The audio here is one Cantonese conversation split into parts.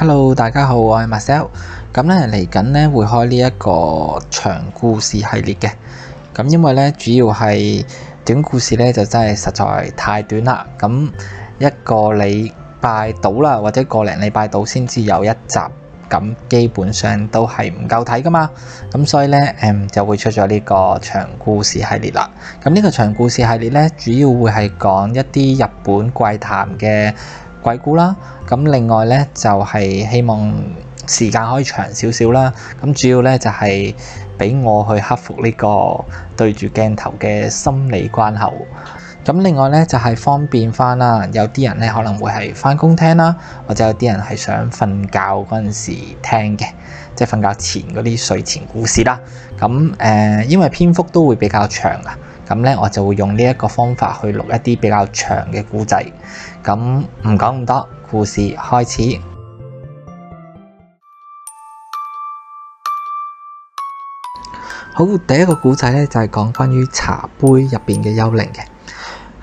Hello，大家好，我係 Marcel。咁咧，嚟緊咧會開呢一個長故事系列嘅。咁因為咧主要係短故事咧就真係實在太短啦。咁一個禮拜到啦，或者個零禮拜到先至有一集。咁基本上都係唔夠睇噶嘛。咁所以咧，嗯就會出咗呢個長故事系列啦。咁呢個長故事系列咧，主要會係講一啲日本怪談嘅鬼故啦，咁另外呢就係希望時間可以長少少啦，咁主要呢就係俾我去克服呢個對住鏡頭嘅心理關口，咁另外呢就係方便返啦，有啲人呢可能會係返工聽啦，或者有啲人係想瞓覺嗰陣時聽嘅，即係瞓覺前嗰啲睡前故事啦，咁誒因為篇幅都會比較長啊。咁咧，我就會用呢一個方法去錄一啲比較長嘅古仔。咁唔講咁多，故事開始。好，第一個古仔咧就係講關於茶杯入邊嘅幽靈嘅。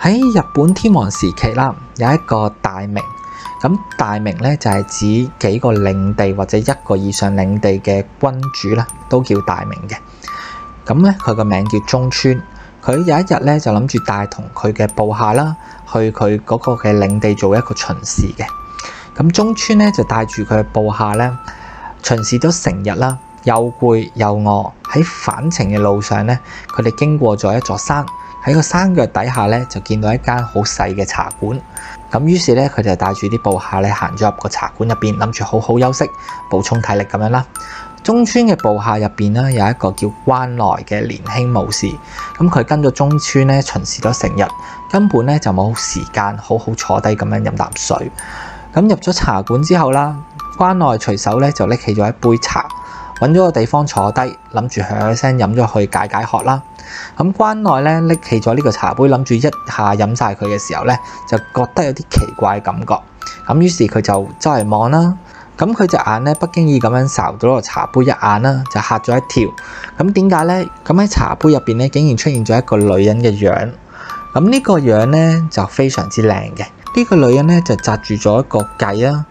喺日本天皇時期啦，有一個大名。咁大名咧就係指幾個領地或者一個以上領地嘅君主咧，都叫大名嘅。咁咧，佢個名叫中村。佢有一日咧就諗住帶同佢嘅部下啦，去佢嗰個嘅領地做一個巡視嘅。咁中村咧就帶住佢嘅部下咧巡視咗成日啦，又攰又餓。喺返程嘅路上咧，佢哋經過咗一座山，喺個山腳底下咧就見到一間好細嘅茶館。咁於是咧佢就帶住啲部下咧行咗入個茶館入邊，諗住好好休息、補充體力咁樣啦。中村嘅部下入邊咧，有一個叫關內嘅年輕武士，咁佢跟咗中村咧巡視咗成日，根本咧就冇時間好好坐低咁樣飲啖水。咁入咗茶館之後啦，關內隨手咧就拎起咗一杯茶，揾咗個地方坐低，諗住響一聲飲咗去解解渴啦。咁關內咧拎起咗呢個茶杯，諗住一下飲晒佢嘅時候咧，就覺得有啲奇怪感覺。咁於是佢就周圍望啦。咁佢隻眼咧不經意咁樣睄咗個茶杯一眼啦，就嚇咗一跳。咁點解呢？咁喺茶杯入邊咧，竟然出現咗一個女人嘅樣。咁呢個樣咧就非常之靚嘅。呢個女人咧就紮住咗一個髻啦，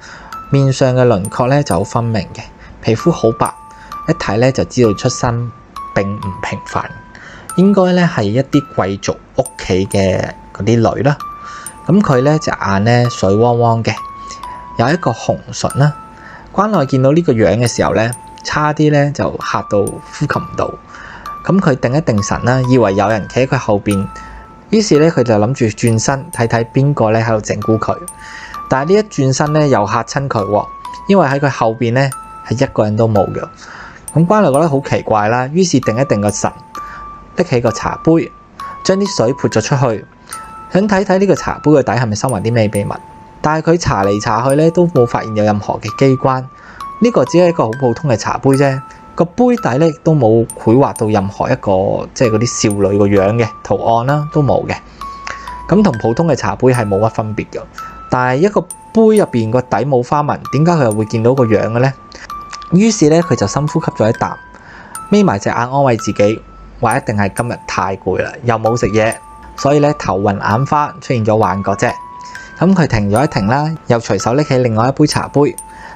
面上嘅輪廓咧就好分明嘅，皮膚好白，一睇咧就知道出身並唔平凡，應該咧係一啲貴族屋企嘅嗰啲女啦。咁佢咧隻眼咧水汪汪嘅，有一個紅唇啦。關內見到呢個樣嘅時候咧，差啲咧就嚇到呼吸唔到。咁佢定一定神啦，以為有人企喺佢後邊，於是咧佢就諗住轉身睇睇邊個咧喺度整蠱佢。但係呢一轉身咧，又嚇親佢，因為喺佢後邊咧係一個人都冇嘅。咁關內覺得好奇怪啦，於是定一定個神，拎起個茶杯，將啲水潑咗出去，想睇睇呢個茶杯嘅底係咪收埋啲咩秘密。但係佢查嚟查去咧，都冇發現有任何嘅機關。呢個只係一個好普通嘅茶杯啫。個杯底咧都冇繪畫到任何一個即係嗰啲少女個樣嘅圖案啦，啊，都冇嘅。咁同普通嘅茶杯係冇乜分別嘅。但係一個杯入邊個底冇花紋，點解佢又會見到個樣嘅呢？於是咧佢就深呼吸咗一啖，眯埋隻眼安慰自己，話一定係今日太攰啦，又冇食嘢，所以咧頭暈眼花，出現咗幻覺啫。咁佢停咗一停啦，又隨手拎起另外一杯茶杯，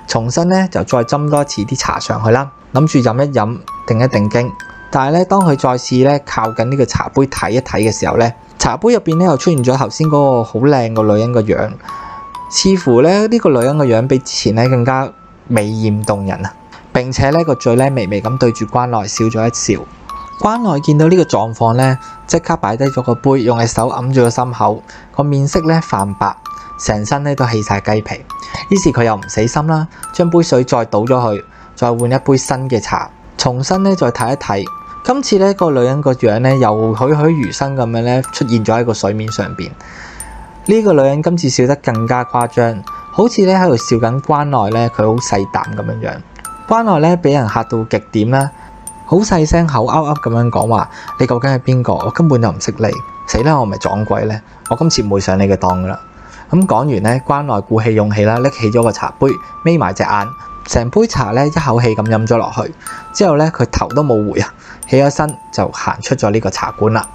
重新咧就再斟多次啲茶上去啦，諗住飲一飲，定一定驚。但係咧，當佢再次咧靠近呢個茶杯睇一睇嘅時候咧，茶杯入邊咧又出現咗頭先嗰個好靚個女人個樣，似乎咧呢個女人個樣比之前咧更加美豔動人啊！並且咧個嘴咧微微咁對住關內笑咗一笑。關內見到呢個狀況咧，即刻擺低咗個杯，用隻手揞住個心口，個面色咧泛白。成身咧都起晒雞皮，於是佢又唔死心啦，將杯水再倒咗去，再換一杯新嘅茶，重新咧再睇一睇。今次呢個女人個樣咧又栩栩如生咁樣咧出現咗喺個水面上邊。呢個女人今次笑得更加誇張，好似咧喺度笑緊關內咧。佢好細膽咁樣樣，關內咧俾人嚇到極點啦，好細聲口噏噏咁樣講話：你究竟係邊個？我根本就唔識你，死啦！我咪撞鬼咧！我今次唔會上你嘅當噶啦。咁講完咧，關內鼓起勇氣啦，拎起咗個茶杯，眯埋隻眼，成杯茶咧一口氣咁飲咗落去，之後咧佢頭都冇回啊，起咗身就行出咗呢個茶館啦。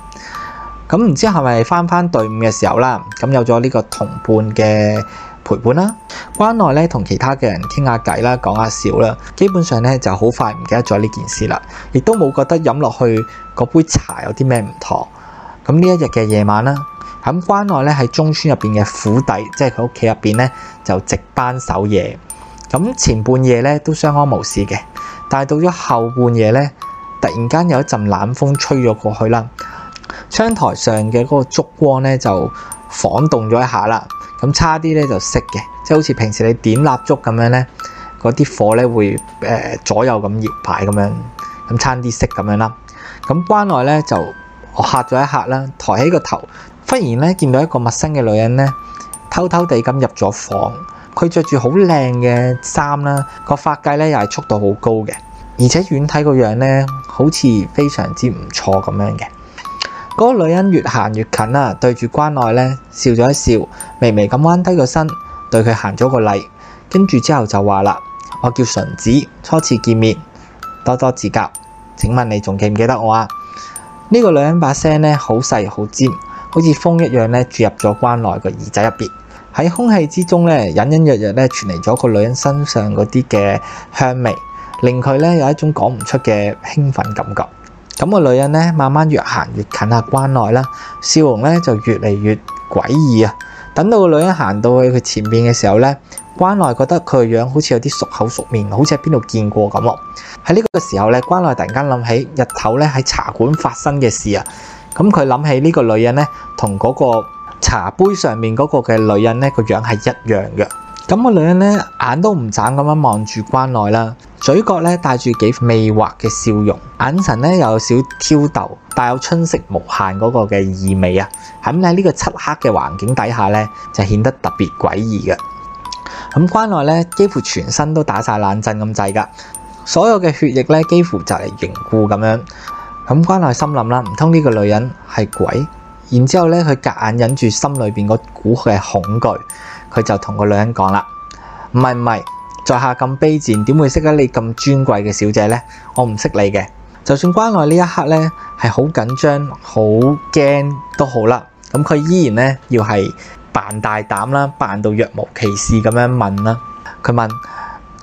咁唔知係咪返返隊伍嘅時候啦，咁有咗呢個同伴嘅陪伴啦，關內咧同其他嘅人傾下偈啦，講下笑啦，基本上咧就好快唔記得咗呢件事啦，亦都冇覺得飲落去嗰杯茶有啲咩唔妥。咁呢一日嘅夜晚啦。咁關內咧喺中村入邊嘅府邸，即係佢屋企入邊咧就值班守夜。咁前半夜咧都相安無事嘅，但係到咗後半夜咧，突然間有一陣冷風吹咗過去啦，窗台上嘅嗰個燭光咧就晃動咗一下啦。咁差啲咧就熄嘅，即係好似平時你點蠟燭咁樣咧，嗰啲火咧會誒左右咁搖擺咁樣，咁差啲熄咁樣啦。咁關內咧就我嚇咗一嚇啦，抬起個頭。忽然咧，見到一個陌生嘅女人咧，偷偷地咁入咗房。佢着住好靚嘅衫啦，個髮髻咧又係速度好高嘅，而且遠睇個樣咧好似非常之唔錯咁樣嘅。嗰、那個女人越行越近啦，對住關內咧笑咗一笑，微微咁彎低個身對佢行咗個禮，跟住之後就話啦：我叫純子，初次見面，多多指教。請問你仲記唔記得我啊？呢、這個女人把聲咧好細好尖。好似風一樣咧，注入咗關內個耳仔入邊。喺空氣之中咧，隱隱約約咧傳嚟咗個女人身上嗰啲嘅香味，令佢咧有一種講唔出嘅興奮感覺。咁個女人咧，慢慢越行越近下關內啦，笑容咧就越嚟越詭異啊。等到個女人行到去佢前面嘅時候咧，關內覺得佢個樣好似有啲熟口熟面，好似喺邊度見過咁喎。喺呢個時候咧，關內突然間諗起日頭咧喺茶館發生嘅事啊！咁佢諗起呢個女人呢，同嗰個茶杯上面嗰個嘅女人呢個樣係一樣嘅。咁個女人呢眼都唔眨咁樣望住關內啦，嘴角呢帶住幾媚惑嘅笑容，眼神呢又有少挑逗，帶有春色無限嗰個嘅意味啊！咁喺呢個漆黑嘅環境底下呢，就顯得特別詭異嘅。咁關內呢幾乎全身都打晒冷震咁滯㗎，所有嘅血液呢，幾乎就嚟凝固咁樣。咁關內心諗啦，唔通呢個女人係鬼？然之後咧，佢夾硬忍住心裏邊個股嘅恐懼，佢就同個女人講啦：唔係唔係，在下咁卑賤，點會識得你咁尊貴嘅小姐呢？我唔識你嘅。就算關內呢一刻咧係好緊張、好驚都好啦，咁佢依然咧要係扮大膽啦，扮到若無其事咁樣問啦，啊。佢問：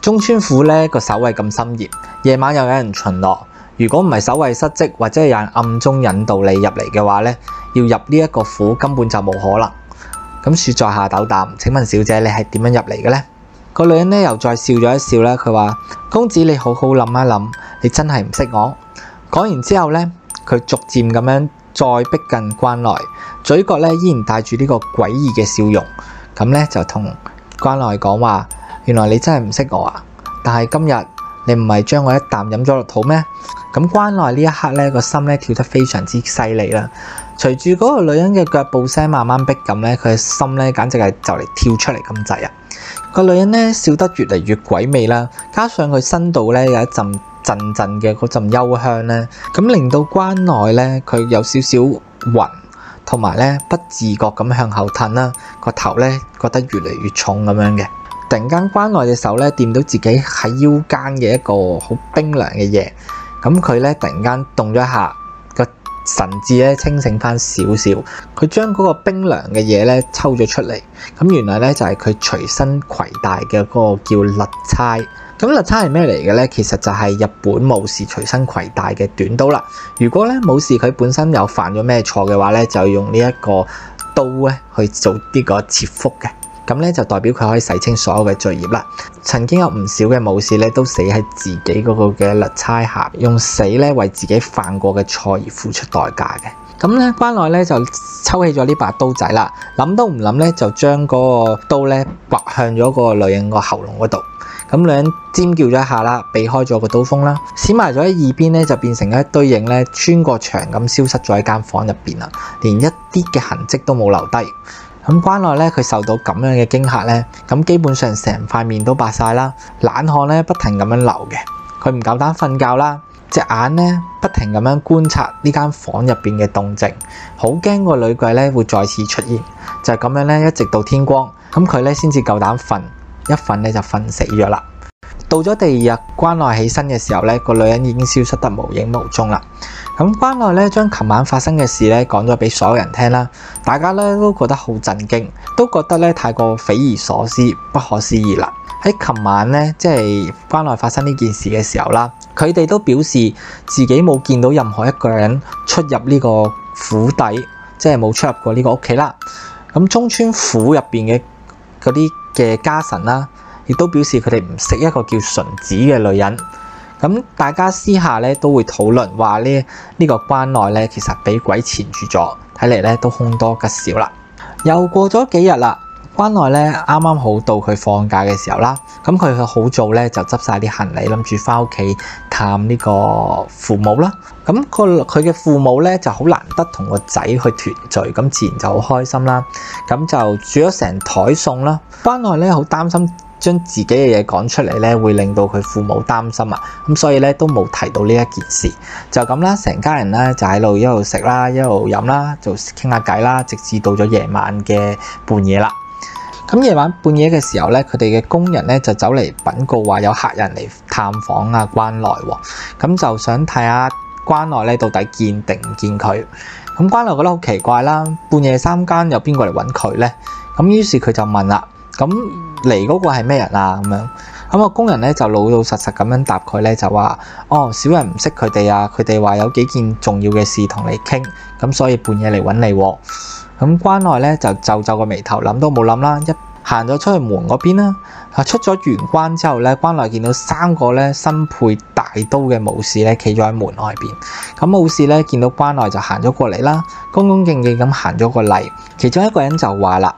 中村府咧個守衛咁森嚴，夜晚又有人巡邏？如果唔係守衛失職，或者有人暗中引導你入嚟嘅話咧，要入呢一個府根本就冇可能。咁恕在下斗膽，請問小姐你係點樣入嚟嘅呢？個女人咧又再笑咗一笑啦，佢話，公子你好好諗一諗，你真係唔識我。講完之後咧，佢逐漸咁樣再逼近關內，嘴角咧依然帶住呢個詭異嘅笑容，咁咧就同關內講話，原來你真係唔識我啊！但係今日你唔係將我一啖飲咗落肚咩？咁關內呢一刻咧，個心咧跳得非常之犀利啦。隨住嗰個女人嘅腳步聲慢慢逼近咧，佢嘅心咧簡直係就嚟跳出嚟咁滯啊！個女人咧笑得越嚟越鬼味啦，加上佢身度咧有一陣陣陣嘅嗰陣幽香咧，咁令到關內咧佢有少少暈，同埋咧不自覺咁向後褪啦，個頭咧覺得越嚟越重咁樣嘅。突然間，關內隻手咧掂到自己喺腰間嘅一個好冰涼嘅嘢。咁佢咧突然間動咗一下，個神智咧清醒翻少少，佢將嗰個冰涼嘅嘢咧抽咗出嚟，咁原來咧就係佢隨身攜帶嘅嗰個叫脇差，咁脇差係咩嚟嘅咧？其實就係日本武士隨身攜帶嘅短刀啦。如果咧武士佢本身有犯咗咩錯嘅話咧，就用呢一個刀咧去做呢個切腹嘅。咁咧就代表佢可以洗清所有嘅罪孽啦。曾經有唔少嘅武士咧都死喺自己嗰個嘅律差下，用死咧為自己犯過嘅錯而付出代價嘅。咁咧關內咧就抽起咗呢把刀仔啦，諗都唔諗咧就將嗰個刀咧劃向咗個女人個喉嚨嗰度，咁女人尖叫咗一下啦，避開咗個刀鋒啦，閃埋咗喺耳邊咧就變成一堆影咧穿過牆咁消失咗喺間房入邊啦，連一啲嘅痕跡都冇留低。咁關內咧，佢受到咁樣嘅驚嚇咧，咁基本上成塊面都白晒啦，冷汗咧不停咁樣流嘅，佢唔夠膽瞓覺啦，隻眼咧不停咁樣觀察呢間房入邊嘅動靜，好驚個女鬼咧會再次出現，就係咁樣咧，一直到天光，咁佢咧先至夠膽瞓，一瞓咧就瞓死咗啦。到咗第二日關內起身嘅時候咧，個女人已經消失得無影無蹤啦。咁關內咧，將琴晚發生嘅事咧講咗俾所有人聽啦，大家咧都覺得好震驚，都覺得咧太過匪夷所思、不可思議啦。喺琴晚咧，即係關內發生呢件事嘅時候啦，佢哋都表示自己冇見到任何一個人出入呢個府邸，即係冇出入過呢個屋企啦。咁中村府入邊嘅嗰啲嘅家臣啦，亦都表示佢哋唔識一個叫純子嘅女人。咁大家私下咧都會討論話咧呢個關內咧其實俾鬼纏住咗，睇嚟咧都凶多吉少啦。又過咗幾日啦，關內咧啱啱好到佢放假嘅時候啦，咁佢好早咧就執晒啲行李，諗住返屋企。喊呢、嗯這個父母啦，咁、那個佢嘅父母咧就好難得同個仔去團聚，咁自然就好開心啦。咁就煮咗成台餸啦。返嚟咧好擔心將自己嘅嘢講出嚟咧，會令到佢父母擔心啊。咁所以咧都冇提到呢一件事，就咁啦。成家人咧就喺度一路食啦，一路飲啦，就傾下偈啦，直至到咗夜晚嘅半夜啦。咁夜晚半夜嘅時候咧，佢哋嘅工人咧就走嚟禀告，話有客人嚟探訪啊關、哦嗯看看關見見嗯，關內喎，咁就想睇下關內咧到底見定唔見佢。咁關內覺得好奇怪啦，半夜三更有邊個嚟揾佢呢？咁、嗯、於是佢就問啦，咁嚟嗰個係咩人啊？咁、嗯、樣，咁、嗯、個工人咧就老老實實咁樣答佢咧，就話：哦，小人唔識佢哋啊，佢哋話有幾件重要嘅事同你傾，咁、嗯、所以半夜嚟揾你喎、哦。咁關內咧就皺皺個眉頭，諗都冇諗啦，一行咗出去門嗰邊啦。啊，出咗玄關之後咧，關內見到三個咧身佩大刀嘅武士咧，企咗喺門外邊。咁武士咧見到關內，就行咗過嚟啦，恭恭敬敬咁行咗個禮。其中一個人就話啦：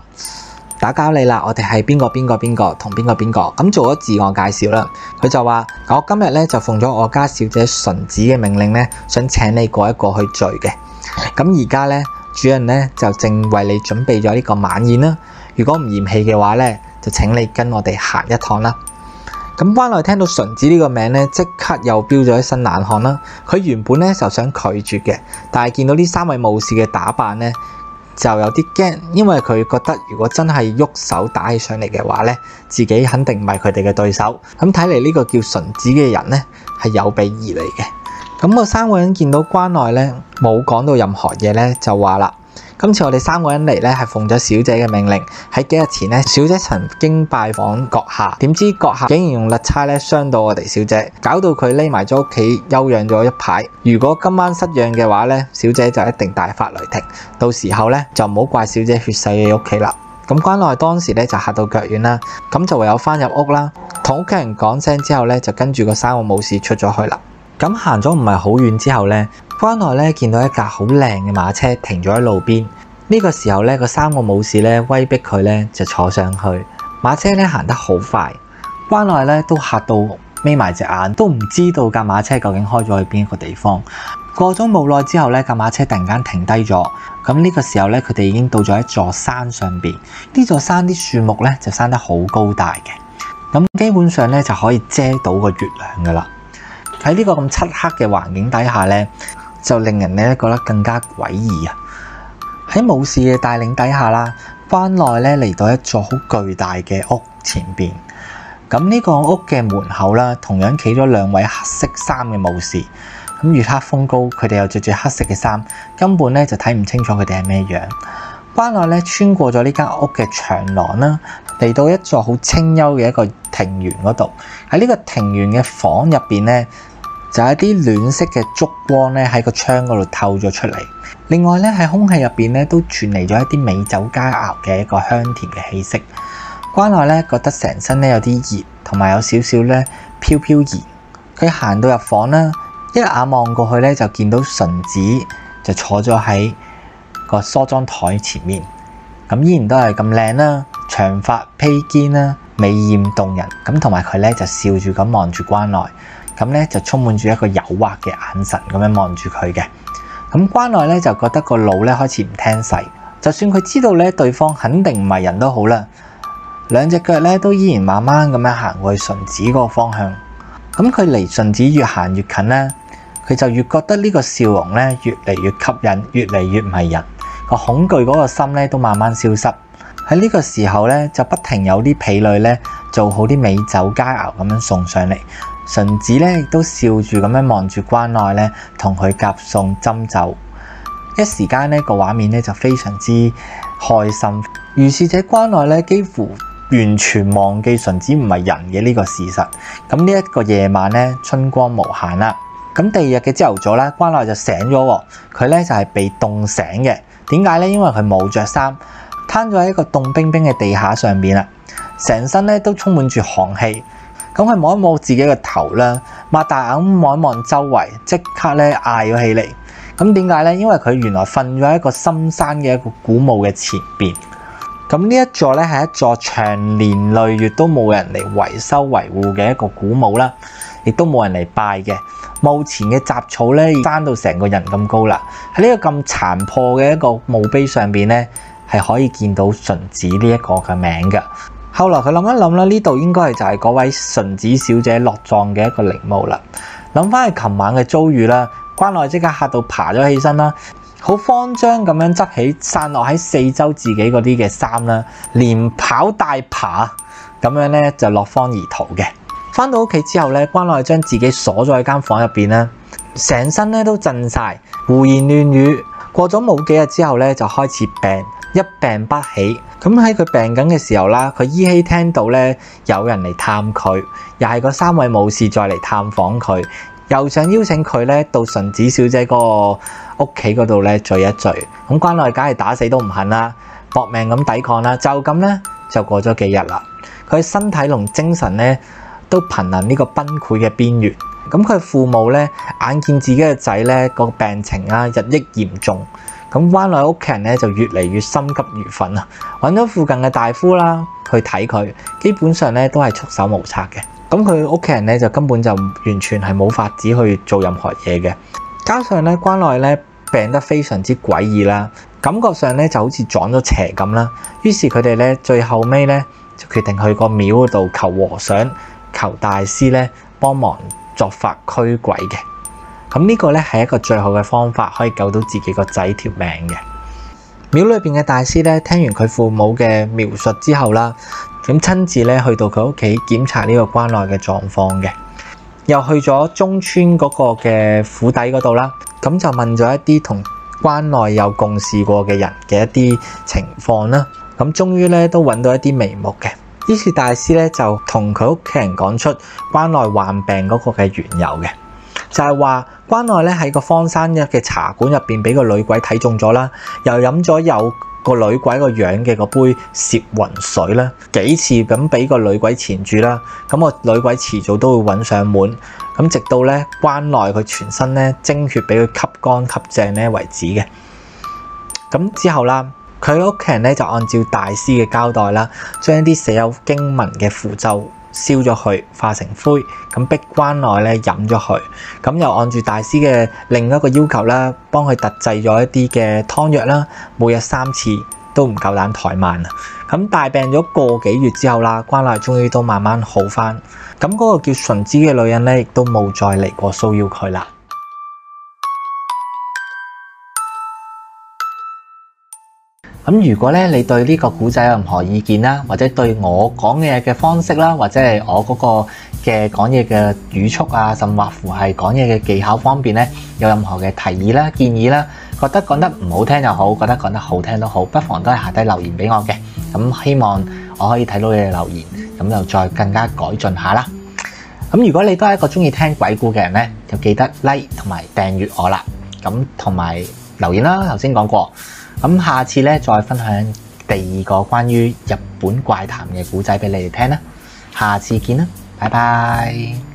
打攪你啦，我哋係邊個邊個邊個同邊個邊個咁做咗自我介紹啦。佢就話：我今日咧就奉咗我家小姐純子嘅命令咧，想請你過一個去聚嘅。咁而家咧。主人咧就正為你準備咗呢個晚宴啦，如果唔嫌棄嘅話咧，就請你跟我哋行一趟啦。咁關內聽到純子呢個名咧，即刻又飆咗一身冷汗啦。佢原本咧就想拒絕嘅，但係見到呢三位武士嘅打扮咧，就有啲驚，因為佢覺得如果真係喐手打起上嚟嘅話咧，自己肯定唔係佢哋嘅對手。咁睇嚟呢個叫純子嘅人咧，係有備而嚟嘅。咁個三個人見到關內咧，冇講到任何嘢咧，就話啦：今次我哋三個人嚟咧，係奉咗小姐嘅命令。喺幾日前咧，小姐曾經拜訪閣下，點知閣下竟然用劣差咧傷到我哋小姐，搞到佢匿埋咗屋企休養咗一排。如果今晚失養嘅話咧，小姐就一定大發雷霆。到時候咧，就唔好怪小姐血洗你屋企啦。咁關內當時咧就嚇到腳軟啦，咁就唯有翻入屋啦，同屋企人講聲之後咧，就跟住個三個武士出咗去啦。咁行咗唔係好遠之後呢，關內咧見到一架好靚嘅馬車停咗喺路邊。呢個時候咧，個三個武士咧威逼佢咧就坐上去馬車咧行得好快。關內咧都嚇到眯埋隻眼，都唔知道架馬車究竟開咗去邊一個地方。過咗冇耐之後咧，架馬車突然間停低咗。咁呢個時候咧，佢哋已經到咗一座山上邊。呢座山啲樹木咧就生得好高大嘅，咁基本上咧就可以遮到個月亮噶啦。喺呢個咁漆黑嘅環境底下呢就令人呢覺得更加詭異啊！喺武士嘅帶領底下啦，關內呢嚟到一座好巨大嘅屋前邊。咁呢個屋嘅門口啦，同樣企咗兩位黑色衫嘅武士。咁月黑風高，佢哋又着住黑色嘅衫，根本呢就睇唔清楚佢哋係咩樣。關內呢，穿過咗呢間屋嘅長廊啦，嚟到一座好清幽嘅一個庭園嗰度。喺呢個庭園嘅房入邊呢，就係一啲暖色嘅燭光咧，喺個窗嗰度透咗出嚟。另外咧，喺空氣入邊咧都傳嚟咗一啲美酒佳餚嘅一個香甜嘅氣息。關內咧覺得成身咧有啲熱，同埋有少少咧飄飄然。佢行到入房啦，一眼望過去咧就見到純子就坐咗喺個梳妝台前面。咁依然都係咁靚啦，長髮披肩啦，美豔動人。咁同埋佢咧就笑住咁望住關內。咁咧就充滿住一個誘惑嘅眼神，咁樣望住佢嘅。咁關內咧就覺得個腦咧開始唔聽使，就算佢知道咧對方肯定唔係人都好啦，兩隻腳咧都依然慢慢咁樣行過去順子嗰個方向。咁佢離順子越行越近咧，佢就越覺得呢個笑容咧越嚟越吸引，越嚟越迷人。個恐懼嗰個心咧都慢慢消失。喺呢個時候咧，就不停有啲婢女咧做好啲美酒佳肴咁樣送上嚟。純子咧都笑住咁樣望住關內咧，同佢夾餸斟酒。一時間呢個畫面咧就非常之開心。如是者關內咧幾乎完全忘記純子唔係人嘅呢個事實。咁呢一個夜晚咧春光無限啦。咁第二日嘅朝頭早咧，關內就醒咗，佢咧就係被凍醒嘅。點解咧？因為佢冇着衫，攤咗喺一個凍冰冰嘅地下上面啦，成身咧都充滿住寒氣。咁佢望一望自己嘅頭啦，擘大眼望一望周圍，即刻咧嗌咗起嚟。咁點解咧？因為佢原來瞓咗喺一個深山嘅一個古墓嘅前邊。咁呢一座咧係一座長年累月都冇人嚟維修維護嘅一個古墓啦，亦都冇人嚟拜嘅。墓前嘅雜草咧生到成個人咁高啦。喺呢個咁殘破嘅一個墓碑上邊咧，係可以見到純子呢一個嘅名嘅。後來佢諗一諗啦，呢度應該係就係嗰位純子小姐落葬嘅一個陵墓啦。諗翻起琴晚嘅遭遇啦，關內即刻嚇到爬咗起身啦，好慌張咁樣執起散落喺四周自己嗰啲嘅衫啦，連跑帶爬咁樣咧就落荒而逃嘅。翻到屋企之後咧，關內將自己鎖咗喺間房入邊啦，成身咧都震晒，胡言亂語。過咗冇幾日之後咧，就開始病。一病不起，咁喺佢病緊嘅時候啦，佢依稀聽到咧有人嚟探佢，又係嗰三位武士再嚟探訪佢，又想邀請佢咧到純子小姐嗰個屋企嗰度咧聚一聚。咁關內梗係打死都唔肯啦，搏命咁抵抗啦。就咁咧，就過咗幾日啦，佢身體同精神咧都瀕臨呢個崩潰嘅邊緣。咁佢父母咧眼見自己嘅仔咧個病情啊日益嚴重。咁關內屋企人咧就越嚟越心急如焚啊！揾咗附近嘅大夫啦，去睇佢，基本上咧都係束手無策嘅。咁佢屋企人咧就根本就完全係冇法子去做任何嘢嘅。加上咧關內咧病得非常之詭異啦，感覺上咧就好似撞咗邪咁啦。於是佢哋咧最後尾咧就決定去個廟度求和尚、求大師咧幫忙作法驅鬼嘅。咁呢個咧係一個最好嘅方法，可以救到自己個仔條命嘅。廟裏邊嘅大師咧，聽完佢父母嘅描述之後啦，咁親自咧去到佢屋企檢查呢個關內嘅狀況嘅，又去咗中村嗰個嘅府邸嗰度啦，咁就問咗一啲同關內有共事過嘅人嘅一啲情況啦，咁終於咧都揾到一啲眉目嘅，於是大師咧就同佢屋企人講出關內患病嗰個嘅緣由嘅，就係話。關內咧喺個荒山嘅茶館入邊，俾個女鬼睇中咗啦，又飲咗有個女鬼個樣嘅個杯攝魂水啦，幾次咁俾個女鬼纏住啦，咁個女鬼遲早都會揾上門，咁直到咧關內佢全身咧精血俾佢吸乾吸淨咧為止嘅，咁之後啦，佢屋企人咧就按照大師嘅交代啦，將啲寫有經文嘅符咒。燒咗佢，化成灰，咁逼關內咧飲咗佢，咁又按住大師嘅另一個要求咧，幫佢特製咗一啲嘅湯藥啦，每日三次都唔夠膽怠慢啊！咁大病咗個幾月之後啦，關內終於都慢慢好返，咁、那、嗰個叫純子嘅女人咧，亦都冇再嚟過騷擾佢啦。咁如果咧，你對呢個古仔有任何意見啦，或者對我講嘢嘅方式啦，或者係我嗰個嘅講嘢嘅語速啊，甚或乎係講嘢嘅技巧方面咧，有任何嘅提議啦、建議啦，覺得講得唔好聽又好，覺得講得好聽都好，不妨都係下低留言俾我嘅。咁希望我可以睇到你嘅留言，咁就再更加改進下啦。咁如果你都係一個中意聽鬼故嘅人咧，就記得 like 同埋訂閱我啦。咁同埋留言啦，頭先講過。咁下次呢，再分享第二個關於日本怪談嘅古仔俾你哋聽啦。下次見啦，拜拜。